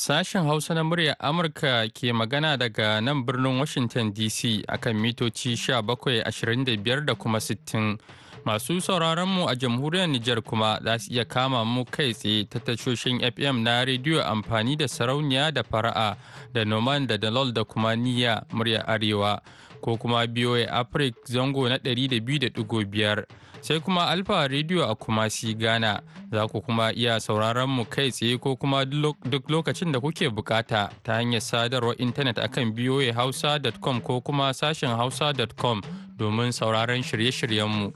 Sashen Hausa na murya Amurka ke magana daga nan birnin Washington DC akan mitoci 1725 da kuma 60. Masu sauraronmu a jamhuriyar Nijar kuma za su iya kama mu kai tsaye ta tashoshin FM na rediyo amfani da sarauniya da fara'a da Noman da Dalol da kuma Niyya murya Arewa ko kuma BOA Africa zango na 200.5. sai kuma Alfa Radio a Kumasi Ghana. Za ku kuma iya sauraron mu kai tsaye ko kuma duk lokacin da kuke bukata ta hanyar sadarwar intanet akan voahausa.com ko kuma sashen hausa.com domin sauraron shirye-shiryenmu.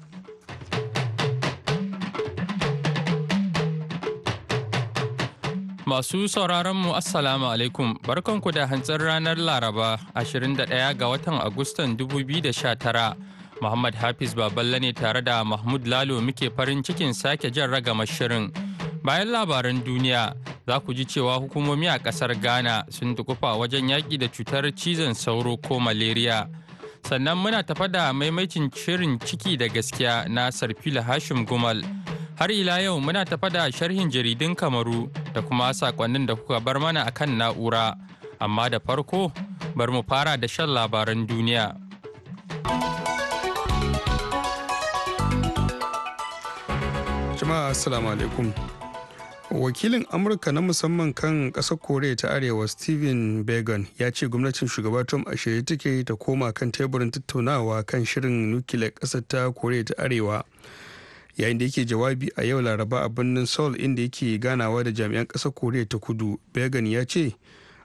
Masu sauraronmu Assalamu alaikum barkanku da hantsar ranar Laraba 21 ga watan Agustan 2019. Muhammad Hafiz Baballe ne tare da Mahmud Lalo muke farin cikin sake jan ragama shirin. Bayan labaran duniya za ku ji cewa hukumomi a ƙasar Ghana sun tukufa wajen yaƙi da cutar cizon sauro ko malaria. Sannan muna tafa da maimacin shirin ciki da gaskiya na Sarfila Hashim Gumal. Har ila yau muna tafa da sharhin jaridun Kamaru da kuma saƙonnin da kuka bar mana akan na'ura. Amma da farko, bar mu fara da shan labaran duniya. jama'a assalamu alaikum wakilin amurka na musamman kan ƙasar koriya ta arewa steven began ya ce gwamnatin shugaba tom a shirye take ta koma kan teburin tattaunawa kan shirin nukiliyar ƙasar ta koriya ta arewa yayin da yake jawabi a yau laraba a birnin seoul inda yake ganawa da jami'an ƙasar koriya ta kudu began ya ce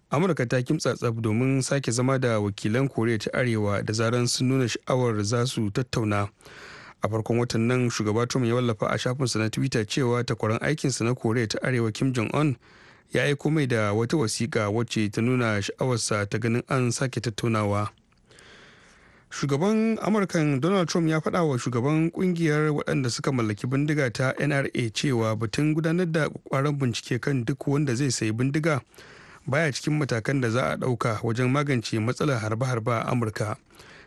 amurka ta kimtsatsab domin sake zama da wakilan koriya ta arewa da zaran sun nuna sha'awar za su tattauna a farkon watan nan shugaba trump ya wallafa a shafinsa na twitter cewa takwaran aikinsa na koriya ta arewa kim jong un ya aiko mai da wata wasiƙa wacce ta nuna sha'awarsa ta ganin an sake tattaunawa shugaban amurkan donald trump ya faɗa wa shugaban kungiyar waɗanda suka mallaki bindiga ta nra cewa batun gudanar da ƙwaron bincike kan duk wanda zai sayi bindiga baya cikin matakan da za a ɗauka wajen magance matsalar harbe-harbe a amurka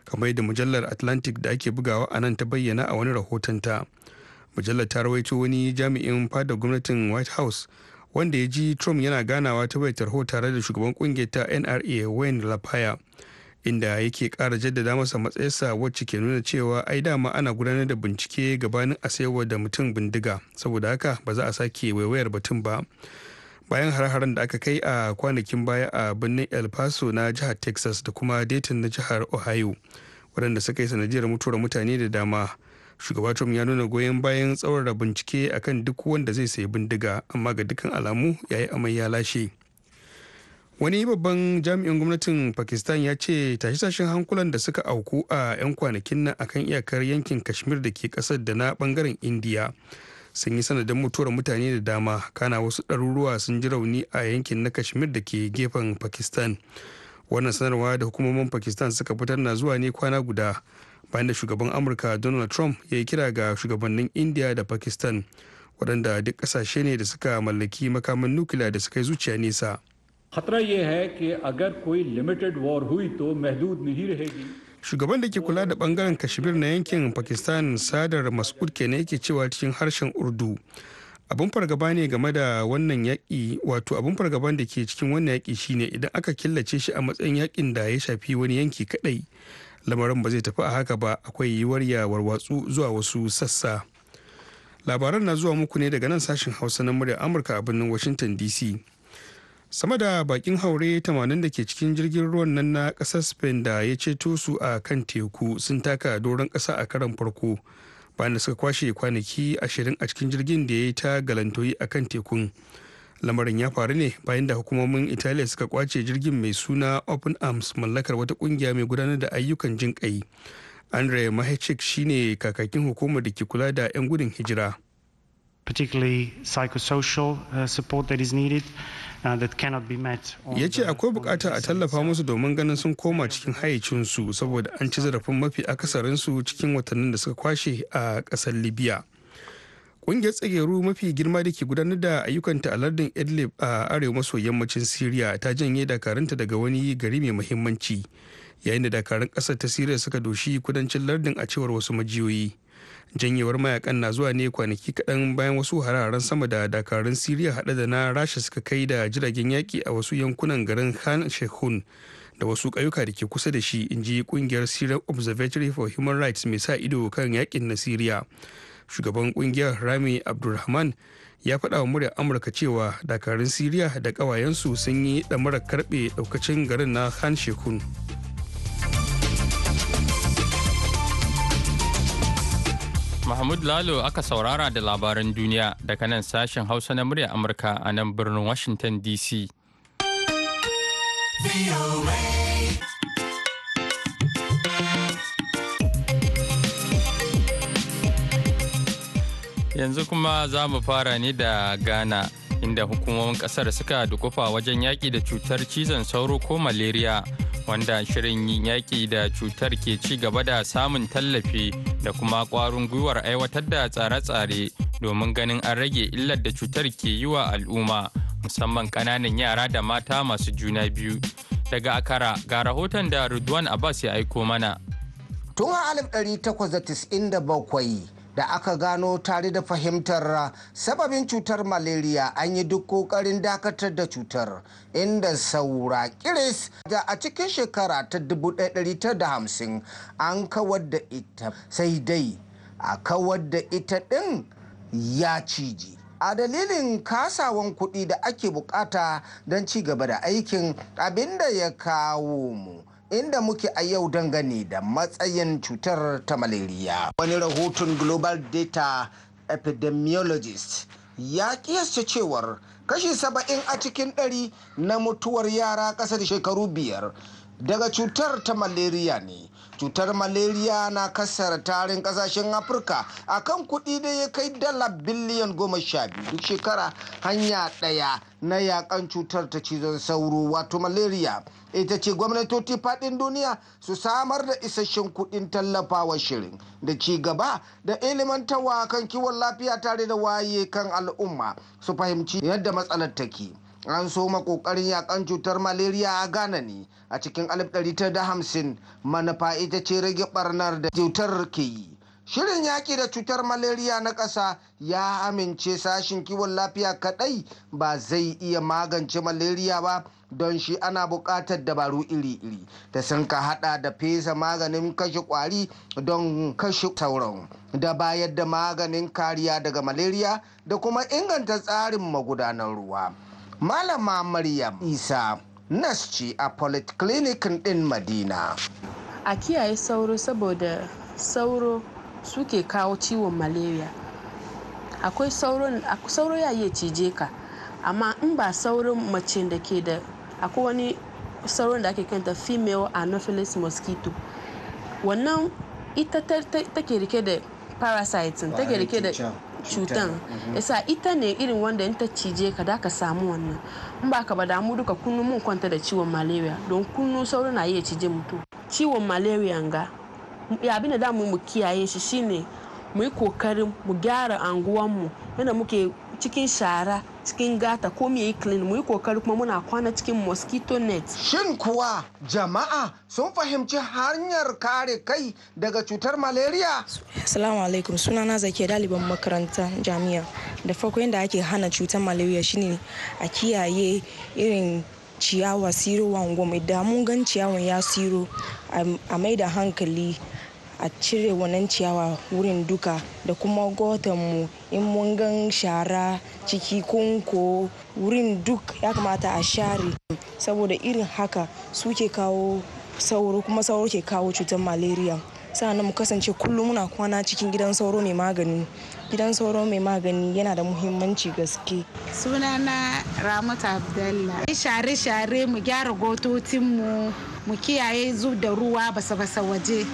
kamar yadda mujallar atlantic da ake bugawa a nan ta bayyana a wani rahoton ta mujallar ta rawaito wani jami'in fadar gwamnatin white house wanda ya ji trump yana ganawa ta wayar tarho tare da shugaban kungiyar ta nra wayne lafaya inda yake kara jaddada masa matsayarsa wacce ke nuna cewa ai dama ana gudanar da bincike gabanin a sayarwa da mutum bindiga saboda haka ba za a sake waiwayar batun ba bayan har-haren da aka kai a kwanakin baya a birnin el paso na jihar texas da kuma dayton na jihar ohio waɗanda suka yi sanadiyar mutuwar mutane da dama shugaba trump ya nuna goyon bayan tsaurara bincike akan duk wanda zai sayi bindiga amma ga dukkan alamu ya yi amai ya lashe wani babban jami'in gwamnatin pakistan ya ce tashe-tashen hankulan da suka auku a 'yan kwanakin nan akan iyakar yankin kashmir da ke kasar da na bangaren indiya sun yi sanadin mutuwar mutane da dama kana wasu ɗaruruwa sun ji rauni a yankin na kashmir da ke gefen pakistan wannan sanarwa da hukumomin pakistan suka fitar na zuwa ne kwana guda bayan da shugaban amurka donald trump ya yi kira ga shugabannin india da pakistan waɗanda duk ƙasashe ne da suka mallaki makaman nukiliya da suka yi zuciya nesa खतरा ये है ke अगर कोई limited war हुई to महदूद shugaban da ke kula da bangaren kashmir na yankin pakistan sadar masud kenan yake cewa cikin harshen urdu abin fargaba ne game da wannan yaƙi wato abin fargaban da ke cikin wannan yaƙi shine idan aka killace shi a matsayin yaƙin da ya shafi wani yanki kadai lamarin ba zai tafi a haka ba akwai yiwuwar ya warwatsu zuwa wasu sassa labaran na zuwa muku ne daga nan sashen hausa na murya amurka a birnin washington dc sama da bakin haure 80 da ke cikin jirgin ruwan nan na kasar spain da ya ceto su a kan teku sun taka doron kasa a karan farko bayan da suka kwashe kwanaki 20 a cikin jirgin da ya yi ta galantoyi a kan tekun lamarin ya faru ne bayan da hukumomin italiya suka kwace jirgin mai suna open arms mallakar wata kungiya mai gudanar da ayyukan jin kai andre mahechik shine kakakin hukumar da ke kula da 'yan gudun hijira particularly psychosocial uh, support that is needed Uh, ya ce akwai bukata a tallafa musu domin ganin sun koma cikin hayacinsu saboda an ci zarafin mafi akasarinsu cikin watannin da suka kwashe a kasar libya ƙungiyar tsageru mafi girma da ke gudanar da ayyukanta a lardin idlib a arewa maso yammacin syria ta janye dakarunta daga wani gari mai muhimmanci yayin da dakarun kasar ta syria suka doshi kudancin lardin a cewar wasu majiyoyi janyewar mayakan na zuwa ne kwanaki kaɗan bayan wasu hararen sama da dakarun siriya haɗe da na rasha suka kai da jiragen yaki a wasu yankunan garin khan shehun da wasu ƙauyuka da ke kusa da shi in ji ƙungiyar syrian observatory for human rights mai sa ido kan yaƙin na siriya shugaban ƙungiyar rami abdulrahman ya faɗa wa muryar amurka cewa dakarun siriya da ƙawayensu sun yi ɗamarar karɓe ɗaukacin garin na khan shehun Mahmud Lalo aka saurara da labaran duniya daga nan sashen Hausa na murya Amurka a nan birnin Washington DC. Yanzu kuma za mu fara ne da Ghana inda hukumomin kasar suka dukufa wajen yaƙi da cutar cizon sauro ko malaria wanda shirin yaƙi da cutar ke ci gaba da samun tallafi da kuma ƙwarin gwiwar aiwatar da tsare-tsare domin ganin an rage illar da cutar ke yi wa al'umma musamman ƙananan yara da mata masu juna biyu daga akara ga rahoton da Ridwan Abbas ya aiko mana. Tun a 1897 da aka gano tare da fahimtar sababin cutar malaria an yi duk kokarin dakatar da cutar inda saura kiris da a cikin shekara ta 1950 an kawar da ita sai dai a kawar da ita ɗin ya ciji a dalilin kasawan kuɗi da ake bukata don ci gaba da aikin abinda ya kawo mu inda muke a yau dangane da matsayin cutar ta malaria. Wani rahoton Global Data Epidemiologist ya kiyasta cewar kashi saba'in a cikin ɗari na mutuwar yara ƙasa da shekaru biyar daga cutar ta malaria ne cutar malaria na kasar tarin kasashen afirka akan kuɗi da ya kai dala biliyan goma sha biyu duk shekara hanya ɗaya na yakan cutar ta cizon sauro wato malaria ita ce gwamnatoci faɗin duniya su samar da isasshen kuɗin tallafawa shirin da ci gaba da ilimantawa kan kiwon lafiya tare da waye kan al'umma su fahimci yadda matsalar take. an soma kokarin yakan cutar malaria a ghana ne a cikin 1950 manufa ita ce rage barnar da cutar ke yi shirin yaƙi da cutar malaria na ƙasa ya amince sashin kiwon lafiya kaɗai ba zai iya magance malaria ba don shi ana buƙatar dabaru iri-iri da sun ka hada da fesa maganin kashe ƙwari don kashe sauran da bayar da maganin kariya daga malaria da kuma inganta tsarin magudanar ruwa. malama maryam isa nasci a polyclinic din madina a kiyaye sauro saboda sauro suke kawo ciwon malaria akwai sauro ya iya cije ka amma in ba sauro mace da ke da akwai wani sauron da ake kanta female anopheles mosquito wannan ita take rike da parasites take rike da cutan mhm. yasa ita ne irin wanda in ta cije ka da ka samu wannan in ba ka ba damu duka kunnu mun kwanta da ciwon malaria don kunnu sauro na iya cije mutum ciwon malaria ga abin da damu mu kiyaye shi shine mu yi kokarin mu gyara anguwanmu yana muke cikin shara cikin gata ko mu yi clean mu yi kokari kuma muna kwana cikin mosquito net shin kuwa jama'a sun fahimci hanyar kare kai daga cutar malaria assalamu alaikum Suna na zake daliban makaranta jami'a da farko yadda ake hana cutar malaria shine a kiyaye irin ciyawa siro wango mai gan ciyawan ya siro a maida hankali a cire wannan ciyawa wurin duka da kuma gotan mu in mun gan shara ciki kunko wurin duk ya kamata a share saboda irin haka suke kawo sauro kuma sauro ke kawo cutar malaria sa'annan mu kasance kullum muna kwana cikin gidan sauro mai magani gidan sauro mai magani yana da muhimmanci gaske sunana ramatu abdallah share-share mu gyara gototinmu mu kiyaye zub da ruwa basa-basa waje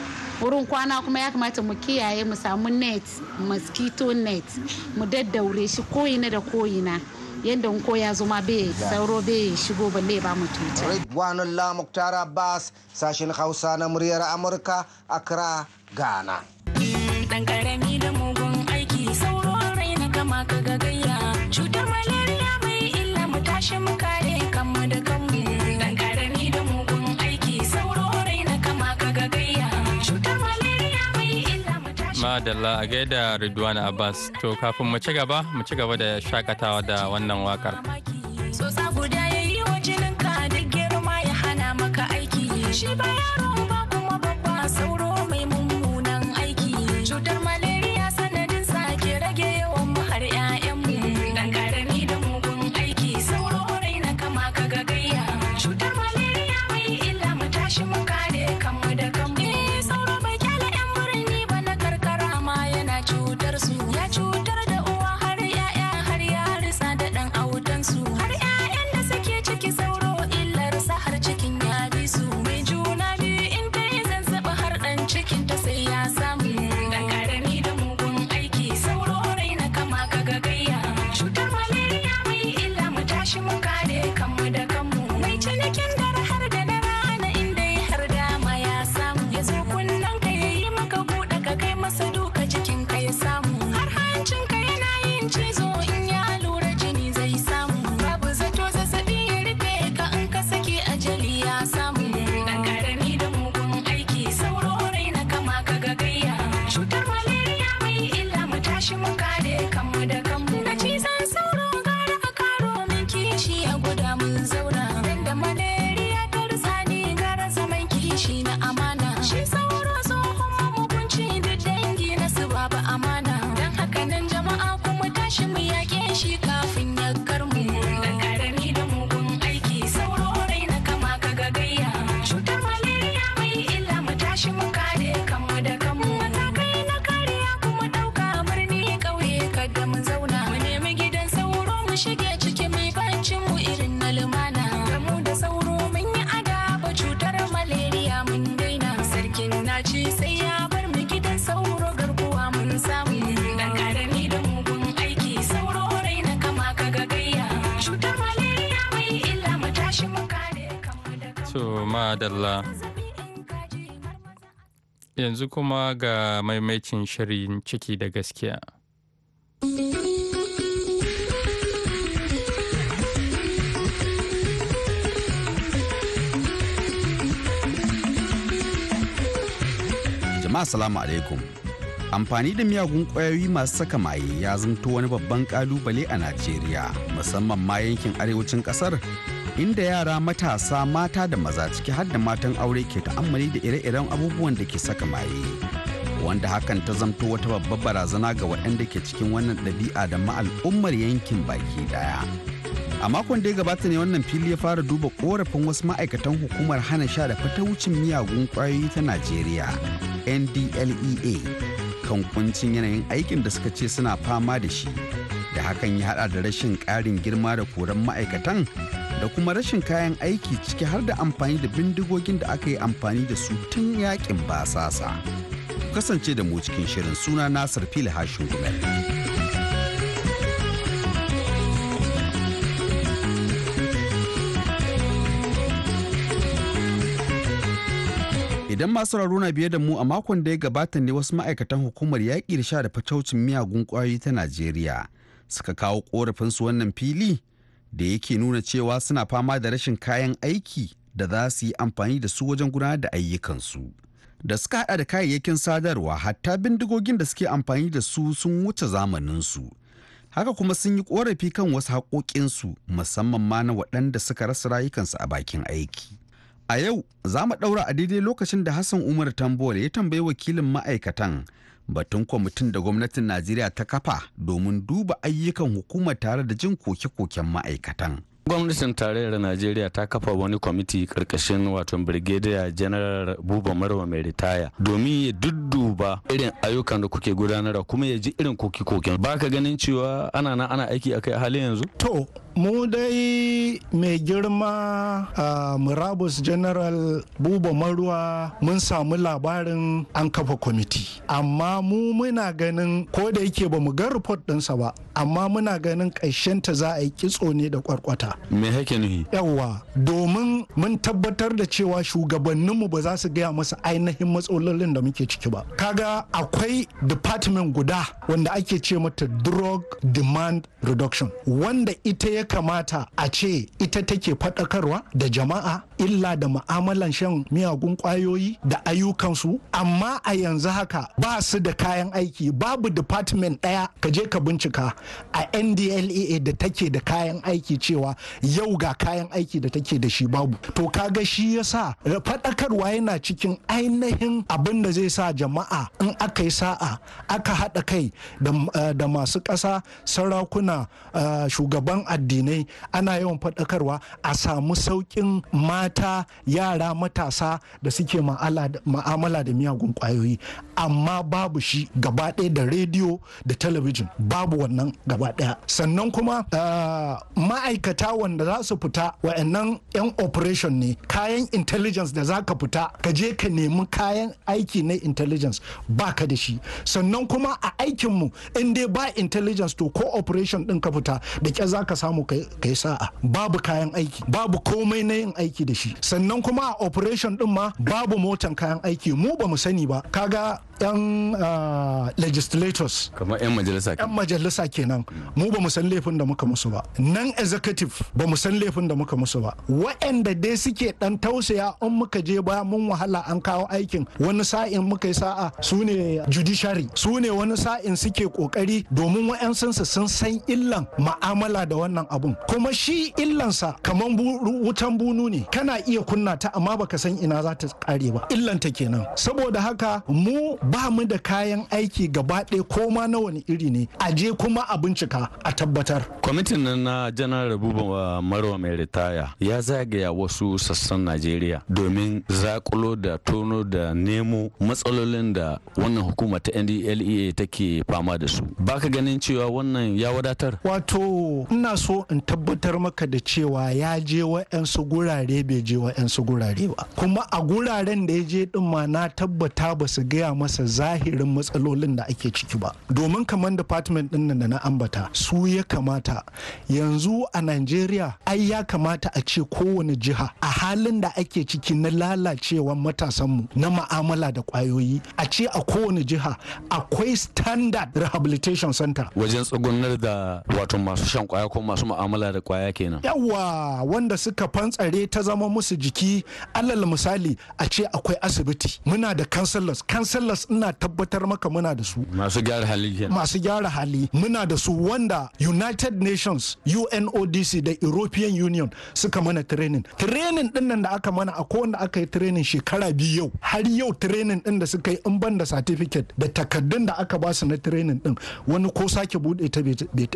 wurin kwana kuma ya kamata mu kiyaye mu samu net mosquito net mu daddaure shi koyina da koyina yadda ko ya zo ma bai sauro bai shigo ba ne ba mu tuta. Ridwanul La Muktar Abbas sashin Hausa na muryar Amurka Accra Ghana. Dan karami da mugun aiki sauro raina kama ka gagayya cutar malaria mai illa mu tashi mu kare Madalla a gaida Ridwan Abbas. To kafin mu ci gaba, mu ci gaba da shakatawa da wannan wakar. Tsotsa guda yayi yi ka duk girma ya hana maka aiki. Shi ba yaro madalla yanzu kuma ga maimacin shirin ciki da gaskiya jama'a salamu alaikum amfani da miyagun ƙwayoyi masu saka maye ya zanto wani babban ƙalubale a najeriya musamman ma yankin arewacin ƙasar inda yara matasa mata da maza ciki har da matan aure ke ta'ammali da ire-iren abubuwan da ke saka maye wanda hakan ta zamto wata babbar barazana ga waɗanda ke cikin wannan ɗabi'a da ma'al'ummar yankin baki daya a makon da ya gabata ne wannan fili ya fara duba korafin wasu ma'aikatan hukumar hana sha da wucin miyagun kwayoyi ta najeriya ndlea kan kuncin yanayin aikin da suka ce suna fama da shi da hakan ya hada da rashin ƙarin girma da koran ma'aikatan da kuma rashin kayan aiki ciki har da amfani da bindigogin da aka yi amfani da su tun yakin basasa. Kasance da mu cikin shirin suna Nasir Fili Hashin Gumel. idan masu na biye da mu a makon da ya gabata ne wasu ma'aikatan hukumar yaƙi da sha da fataucin miyagun ƙwayoyi ta najeriya suka kawo ƙorafinsu wannan fili da yake nuna cewa suna fama da rashin kayan aiki da za su yi amfani da su wajen gudanar da ayyukansu da suka haɗa da kayayyakin sadarwa hatta bindigogin da suke amfani da su sun wuce zamaninsu haka kuma sun yi korafi kan wasu haƙoƙinsu musamman ma na waɗanda suka rasa rayukansu a bakin aiki a yau za mu ɗaura a daidai lokacin da hassan umar tambola ya tambayi wakilin ma'aikatan batun kwamitin da gwamnatin najeriya ta kafa domin duba ayyukan hukumar tare da jin koke-koken ma'aikatan gwamnatin tarayyar najeriya ta kafa wani kwamiti karkashin wato brigadier general buba marwa mai ritaya domin ya dudduba irin ayyukan da kuke gudanarwa kuma ya ji irin koke-koken baka ganin cewa ana nan ana aiki akai halin yanzu to mu dai mai girma a murabus general buba maruwa mun samu labarin an kafa kwamiti amma mu muna ganin ko da yake ba mu ga report ɗinsa ba amma muna ganin ta za a yi kitso ne da kwarkwata me hake nuhi yawwa domin mun tabbatar da cewa shugabanninmu ba za su gaya masa ainihin matsalolin da muke ciki ba kaga akwai department guda wanda ake ce mata drug demand reduction wanda ita ya kamata a ce ita take faɗakarwa da jama'a illa da ma'amalan shan miyagun kwayoyi da ayyukansu amma a yanzu haka ba su da kayan aiki babu department ɗaya ka je ka bincika a ndlea da take da kayan aiki cewa yau ga kayan aiki da take da shi babu to ka ga shi yasa faɗakarwa yana cikin ainihin abin da zai sa jama'a in aka yi sa'a aka haɗa kai da eh, masu ƙasa sarakuna eh, shugaban addinai ana yawan faɗakarwa a samu sauƙin ma mata yara matasa da suke ma'amala da miyagun kwayoyi amma babu shi gaba ɗaya da rediyo da talabijin babu wannan gaba ɗaya sannan kuma ah, ma'aikata wanda za su fita wa'annan 'yan operation ne kayan intelligence da za ka fita ka je ka nemi kayan aiki na intelligence ba ka da shi sannan kuma a aikinmu in dai ba intelligence to ko operation ɗin ka fita da ke za ka samu ka yi sa'a babu kayan aiki babu komai na yin aiki da shi sannan kuma a operation din ma babu motan kayan aiki mu bamu sani ba kaga 'yan ah, legislators kamar 'yan majalisa kenan mu ba mu san laifin da muka musu ba nan executive ba mu san laifin da muka musu ba wa'anda dai suke ɗan tausaya in muka je ba mun wahala an kawo aikin wani sa'in muka yi sa'a su ne judiciary su ne wani sa'in suke kokari domin wa'yansansa sun san illan ma'amala da wannan abun kuma shi illansa kamar wutan bunu ne kana iya kunna ta amma baka san ina za ta kare ba illanta kenan saboda haka mu ba mu da kayan aiki gaba ɗaya ko ma na wani iri ne a je kuma a bincika a tabbatar kwamitin na janar buba marwa mai ritaya ya zagaya wasu sassan najeriya domin zakulo da tono da nemo matsalolin da wannan hukuma ta ndlea take fama da su Ba ka ganin cewa wannan ya wadatar wato ina so in tabbatar maka da cewa ya je wa'yansu gurare bai je wa'yansu gurare ba kuma a guraren da ya je din ma na tabbata ba su gaya masa bisa zahirin matsalolin da ake ciki ba domin kamar department din da na ambata su ya kamata yanzu a Najeriya ai ya kamata a ce kowane jiha a halin da ake ciki na lalacewan matasanmu na ma'amala da kwayoyi a ce a kowane jiha akwai standard rehabilitation center wajen tsugunar da wato masu shan kwaya ko masu ma'amala da kwaya kenan yawa wanda suka fantsare ta zama musu jiki alal misali a ce akwai asibiti muna da councillors councillors ina tabbatar maka muna da su masu gyara hali masu gyara hali muna da su wanda united nations unodc da european union suka mana training training din nan da aka mana a wanda aka yi training shekara biyu yau har yau training din da suka yi in ban da certificate da takardun da aka ba su na training din wani ko sake bude ta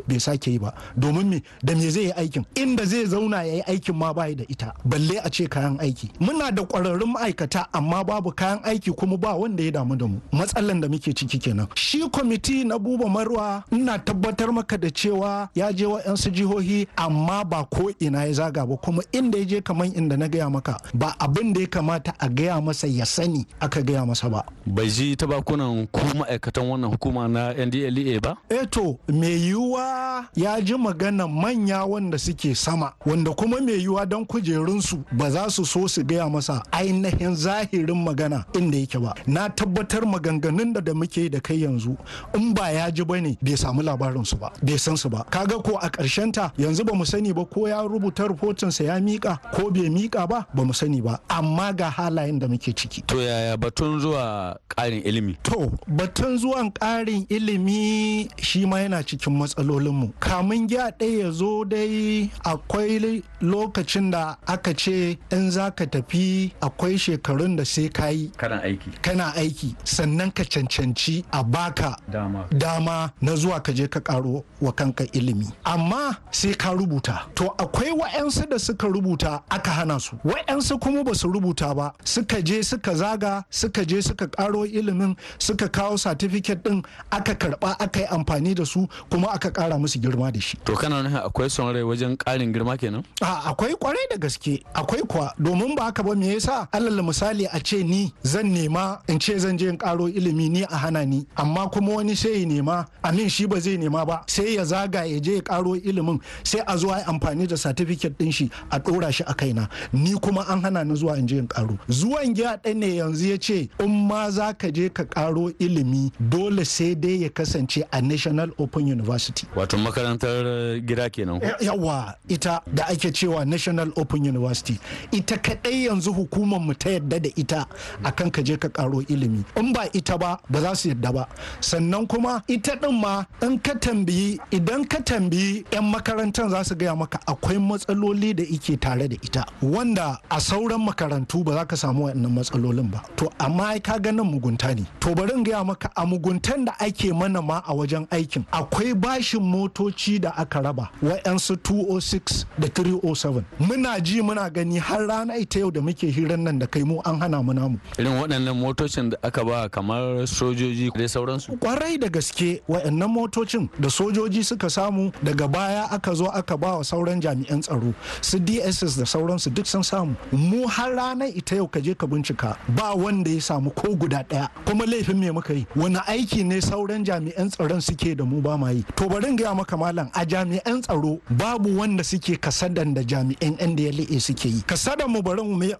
bai sake yi ba domin me da me zai yi aikin inda zai zauna ya yi aikin ma bai da ita balle a ce kayan aiki muna da kwararrun ma'aikata amma babu kayan aiki kuma ba wanda ya damu da mu matsalan da muke ciki kenan shi kwamiti na buba marwa ina tabbatar maka da cewa ya je wa 'yan jihohi amma ba ko ina ya zaga ba kuma inda ya je kamar inda na gaya maka ba abin da ya kamata a gaya masa ya sani aka gaya masa ba bai ji ta bakunan ku ma'aikatan wannan hukuma na ndlea ba eto eh to mai yiwuwa ya ji magana manya wanda suke sama wanda kuma mai yiwuwa don kujerunsu ba za su so su gaya masa ainihin zahirin magana inda yake ba na tabbatar maganganun da da muke da kai yanzu in ba ya ji ba ne bai samu labarin su ba bai san su ba kaga ko a ƙarshen ta yanzu ba mu sani ba ko ya rubuta rahoton sa ya mika ko bai mika ba ba mu sani ba amma ga halayen da muke ciki to yaya batun zuwa ƙarin ilimi to batun zuwan ƙarin ilimi shi ma yana cikin matsalolin mu kamun giya ɗaya ya zo dai akwai lokacin da aka ce in za ka tafi akwai shekarun da sai ka kana aiki kana aiki sannan ka cancanci a baka dama, na zuwa ka je ka karo wa kanka ilimi amma sai ka rubuta to akwai wa'yansu da suka rubuta aka hana su wa'yansu kuma ba su rubuta ba suka je suka zaga suka je suka karo ilimin suka kawo satifiket din aka karba aka yi amfani da su kuma aka kara musu girma da shi to kana nuna akwai son wajen karin girma kenan a akwai kwarai da gaske akwai kuwa domin ba haka ba me yasa alal misali a ce ni zan nema in ce zan je in karo ilimi ni a hana ni amma kuma wani sai ya nema amin shi ba zai nema ba sai ya zaga ya je ya karo ilimin sai a zuwa amfani da certificate din shi a dora shi a kaina ni kuma an hana ni zuwa in je in karo zuwan giya ɗan ne yanzu ya ce in ma za ka je ka karo ilimi dole sai dai ya kasance a national open university wato makarantar gida kenan yawa ita da ake cewa national open university ita kadai yanzu hukumar mu ta yadda da ita akan ka je ka karo ilimi in ba ita ba ba za su yadda ba sannan kuma ita din ma in ka tambayi idan ka tambayi 'yan makarantar za su gaya maka akwai matsaloli da ike tare da ita wanda a sauran makarantu ba za ka samu waɗannan matsalolin ba to amma ka ganin mugunta ne to bari in gaya maka a muguntan da ake mana ma a wajen aikin akwai bashin motoci da aka raba wa'yansu 206 da 307 muna ji muna gani har rana ita yau da muke hirar nan da kai mu an hana mu namu irin waɗannan motocin da aka ba kamar sojoji da sauransu kwarai da gaske wa'annan motocin da sojoji suka samu daga baya aka zo aka ba wa sauran jami'an tsaro su dss da sauransu duk sun samu mu har ranar ita yau ka je ka bincika ba wanda ya samu ko guda daya kuma laifin me muka yi wani aiki ne sauran jami'an tsaron suke da mu ba ma yi to bari in gaya maka malam a jami'an tsaro babu wanda suke kasadan da jami'an yan da ya suke yi kasadan mu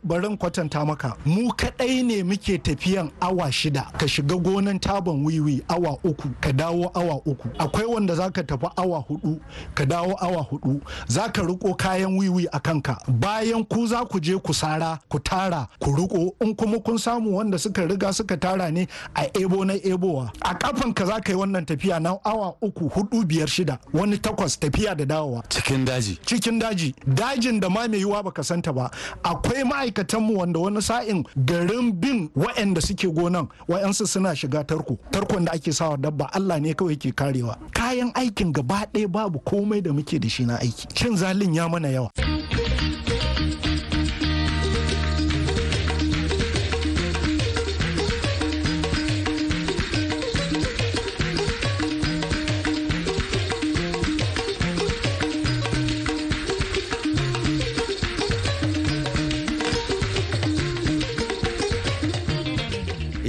barin kwatanta maka mu kadai ne muke tafiyan awa shida shida ka shiga gonan taban wiwi awa uku ka dawo awa uku akwai wanda zaka tafi awa hudu ka dawo awa hudu zaka riko kayan wiwi a kanka bayan ku za ku je ku sara ku tara ku riko in kuma kun samu wanda suka riga suka tara ne a ebo na ebowa a kafan ka za ka yi wannan tafiya na awa uku hudu biyar shida wani takwas tafiya da dawowa cikin daji cikin daji dajin da ma mai yiwa baka santa ba akwai ma'aikatanmu wanda wani sa'in garin bin waɗanda suke gonan wa'yansu suna shiga tarko tarkon da ake sawa dabba Allah ne kawai ke karewa kayan aikin gaba ɗaya babu komai da muke da shi na aiki shin zalin ya mana yawa.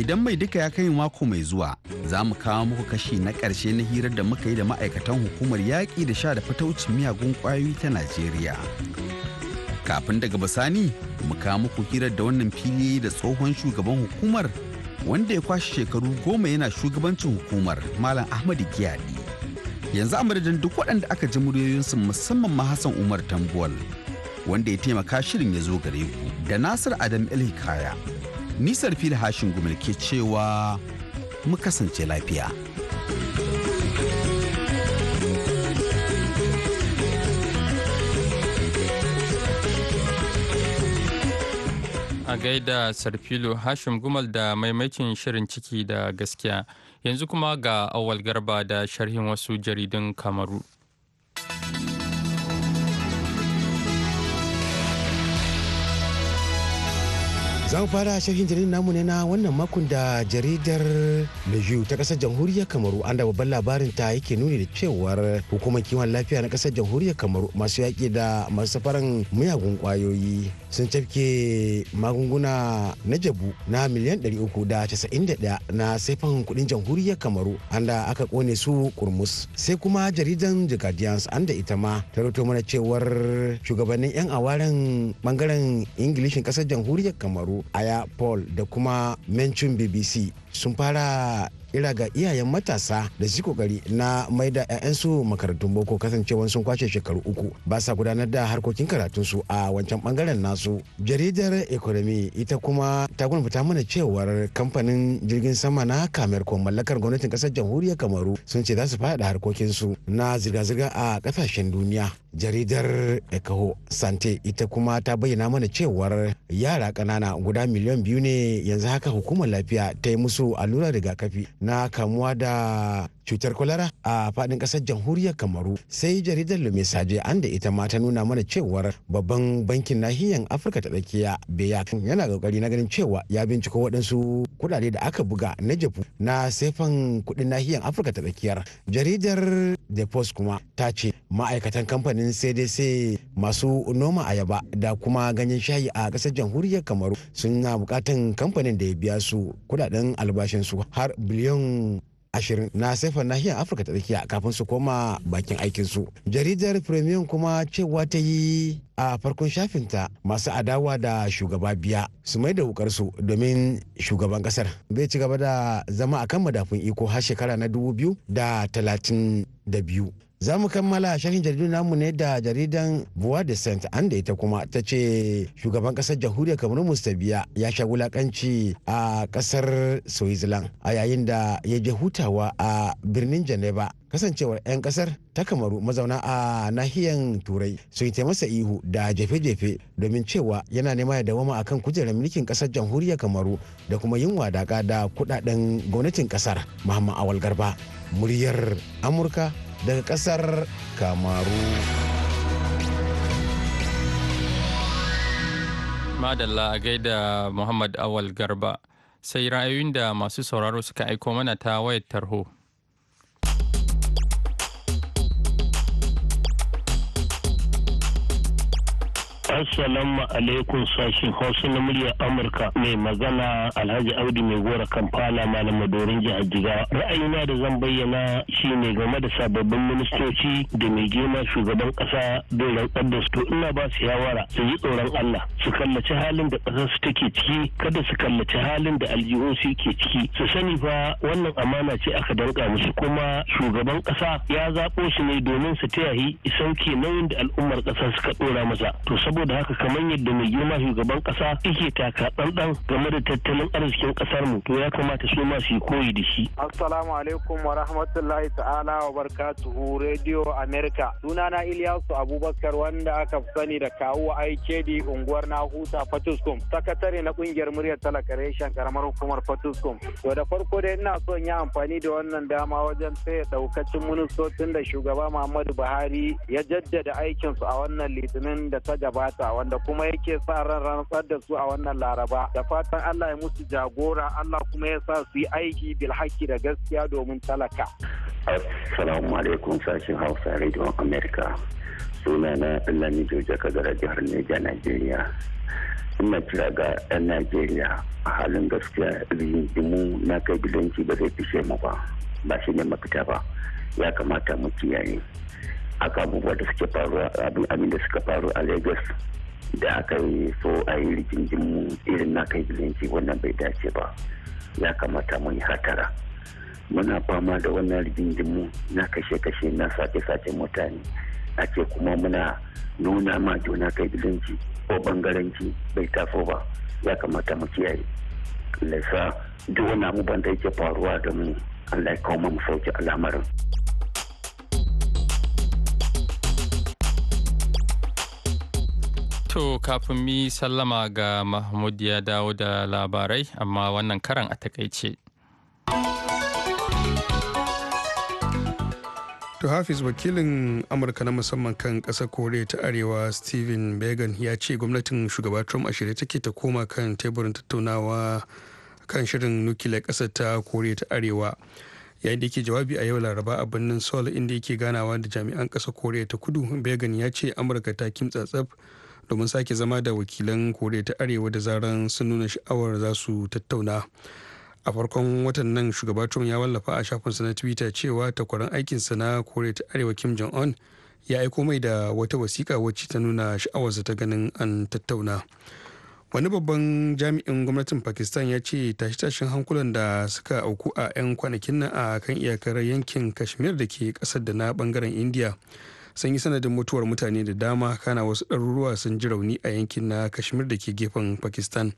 idan mai duka ya kai mako mai zuwa za mu kawo muku kashi na karshe na hirar da muka yi da ma'aikatan hukumar yaƙi da sha da fataucin miyagun ƙwayoyi ta najeriya kafin daga basani mu kawo muku hirar da wannan fili da tsohon shugaban hukumar wanda ya kwashe shekaru goma yana shugabancin hukumar malam ahmadu kiyadi yanzu a madadin duk waɗanda aka ji muryoyinsu musamman ma hassan umar tambuwal wanda ya taimaka shirin ya zo gare ku da nasir adam el hikaya nisar fili hashin gumil ke cewa mu kasance lafiya a gaida sarfilo hashim gumal da maimakin shirin ciki da gaskiya yanzu kuma ga awal garba da sharhin wasu jaridun kamaru za mu fara shafin jaridar namu ne na wannan makon da jaridar lejiu ta kasar jamhuriyar kamaru an da babban labarin ta yake nuni da cewar hukumar kiwon lafiya na kasar jamhuriyar kamaru masu yaƙi da masu miyagun kwayoyi. sun cafke magunguna na jabu na miliyan 391 na saifan kudin jamhuriyar kamaru anda aka kone su kurmus sai kuma jaridan the guardians anda ita ma ta rato mana cewar shugabannin 'yan awaren bangaren ingilishin kasar jamhuriyar kamaru aya paul da kuma mencun bbc sun fara ira ga iyayen matasa da su kokari na maida 'ya'yansu makarantun boko kasancewan sun kwashe shekaru uku ba sa gudanar da harkokin karatunsu a wancan bangaren nasu jaridar economy ita kuma ta ta mana cewar kamfanin jirgin sama na kamerkon mallakar gwamnatin kasar jamhuriyar kamaru sun ce za su fara da harkokinsu na zirga-zirga a kasashen duniya jaridar ekaho sante ita kuma ta bayyana mana cewar yara ƙanana guda miliyan biyu ne yanzu haka hukumar lafiya ta yi musu allurar rigakafi na kamuwa da cutar kwalara a faɗin ƙasar jamhuriyar kamaru sai jaridar lumisaje an da ita ma ta nuna mana cewar babban bankin nahiyar afirka ta tsakiya beya yana kokari na ganin cewa ya binciko waɗansu kuɗaɗe da aka buga na jafu na sefan kuɗin nahiyar afirka ta tsakiyar jaridar the post kuma ta ce ma'aikatan kamfanin cdc masu noma ayaba da kuma ganyen shayi a ƙasar jamhuriyar kamaru sun na bukatan kamfanin da ya biya su kuɗaɗen albashinsu har biliyon. ashirin na saifa nahiyar afirka ta tsakiya kafin su koma bakin aikinsu jaridar premium kuma cewa ta yi a farkon shafinta masu adawa da shugaba biya su mai da wukarsu domin shugaban kasar zai ci gaba da zama akan madafin iko har shekara na dubu biyu da talatin da biyu za mu kammala shirin jaridu namu ne da jaridan buwa de saint anda ita kuma ta ce shugaban kasar jamhuriyar kamaru mustabiya ya sha wulakanci a kasar switzerland a yayin da ya je hutawa a birnin geneva kasancewar 'yan kasar ta kamaru mazauna a nahiyan turai sun yi masa ihu da jefe-jefe domin cewa yana nema ya dawama akan kujerar mulkin kasar jamhuriyar kamaru da kuma yin wadaka da kudaden gwamnatin kasar muhammad awal garba muryar amurka daga kasar kamaru madalla a gaida muhammad awal garba sai ra'ayoyin da masu sauraro suka aiko mana ta wayar tarho Assalamu alaikum sashen Hausa na muryar Amurka mai magana Alhaji Audu mai gora Kampala malam Madorin jihar Jigawa. Ra'ayina da zan bayyana shi ne game da sababbin ministoci da mai girma shugaban kasa don rantsar da su ina ba su yawara su yi tsoron Allah su kallaci halin da ƙasar su take ciki kada su kallaci halin da aljihun su ke ciki su sani fa wannan amana ce aka danka musu kuma shugaban kasa ya zaɓo su ne domin su taya sauke nauyin da al'ummar kasar suka ɗora masa to saboda saboda haka kamar yadda mai girma shugaban kasa yake taka ɗanɗan game da tattalin arzikin kasar mu to ya kamata su ma su koyi da shi assalamu alaikum wa rahmatullahi ta'ala wa tuhu radio america sunana Ilyasu Abubakar wanda aka sani da kawu kawo IKD unguwar Nahuta Fatuskum sakatare na kungiyar muryar talaka reshen karamar hukumar Fatuskum to da farko dai ina so son yi amfani da wannan dama wajen tsaye ɗaukacin ministocin da shugaba Muhammadu Buhari ya jaddada aikinsu a wannan litinin da ta gabata gabata wanda kuma yake sa ran rantsar da su a wannan laraba da fatan Allah ya musu jagora Allah kuma ya sa su yi aiki bilhaki da gaskiya domin talaka. Assalamu alaikum sashen Hausa Radio America. Suna na Lamido gara jihar Neja Najeriya. Ina kira ga 'yan Najeriya a halin gaskiya rigimu na kabilanci ba zai fi mu ba. Ba shi ne mafita ba. Ya kamata mu kiyaye. aka abubuwa da suke faruwa abin da suka faru a lagos da aka yi so a yi mu irin na kai bilinci wannan bai dace ba ya kamata mun yi hatara muna fama da wannan mu na kashe-kashe na sace-sace mutane a kuma muna nuna ma juna kai bilinci ko bangaranci bai taso ba ya kamata mu kiyaye lissa duk wani abubuwan da yake faruwa da mu Allah ya kawo mu sauki al'amarin. To kafin mi sallama ga Mahmud ya dawo da labarai amma wannan karan a takaice. To Hafiz wakilin Amurka na musamman kan kasa Koriya ta Arewa Steven Began ya ce gwamnatin shugaba Trump a shirye take ta koma kan teburin tattaunawa kan shirin nukiliyar kasa ta Koriya ta Arewa. yayin da yake jawabi a yau laraba a birnin seoul inda yake ganawa da jami'an ƙasar koriya ta kudu began ya ce amurka ta kimtsa tsaf domin sake zama da wakilan koriya ta arewa da zaran sun nuna sha'awar za su tattauna a farkon watan nan shugaba trump ya wallafa a shafinsa na twitter cewa takwaran aikinsa na koriya ta arewa kim jong un ya aiko mai da wata wasiƙa wacce ta nuna sha'awarsa ta ganin an tattauna wani babban jami'in gwamnatin pakistan ya ce tashe-tashen hankulan da suka auku a 'yan kwanakin nan a kan iyakar yankin kashmir da ke kasar da na bangaren india sun yi sanadin mutuwar mutane da dama kana wasu ɗaruruwa sun ji rauni a yankin na kashmir da ke gefen pakistan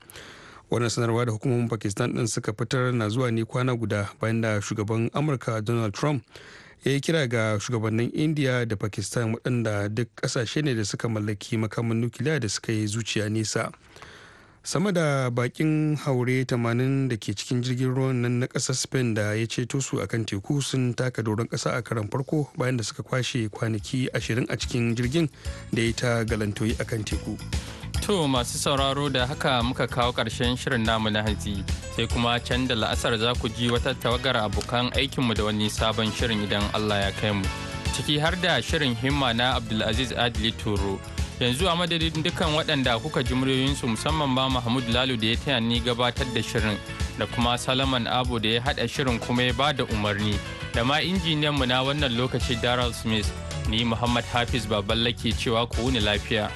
wannan sanarwa da hukumomin pakistan ɗin suka fitar na zuwa ne kwana guda bayan da shugaban amurka donald trump ya yi kira ga shugabannin india da pakistan waɗanda duk ƙasashe ne da suka mallaki makaman nukiliya da suka yi zuciya nesa sama da bakin haure 80 da ke cikin jirgin ruwan nan na ƙasar spain da ya ceto su akan teku sun taka doron kasa a karan farko bayan da suka kwashe kwanaki 20 a cikin jirgin da ya ta galantoyi akan teku to masu sauraro da haka muka kawo ƙarshen shirin namu na hantsi sai kuma can da la'asar za ku ji wata tawagar abokan aikinmu da wani sabon shirin idan allah ya kai mu ciki har da shirin himma na abdulaziz adili turo yanzu a madadin dukkan waɗanda kuka ji muryoyinsu musamman ba mahmud lalu da ya taya ni gabatar da shirin da kuma salaman abu da ya haɗa shirin kuma ya ba da umarni da ma injiniyanmu na wannan lokaci daryl smith ni muhammad hafiz baballa ke cewa ku wuni lafiya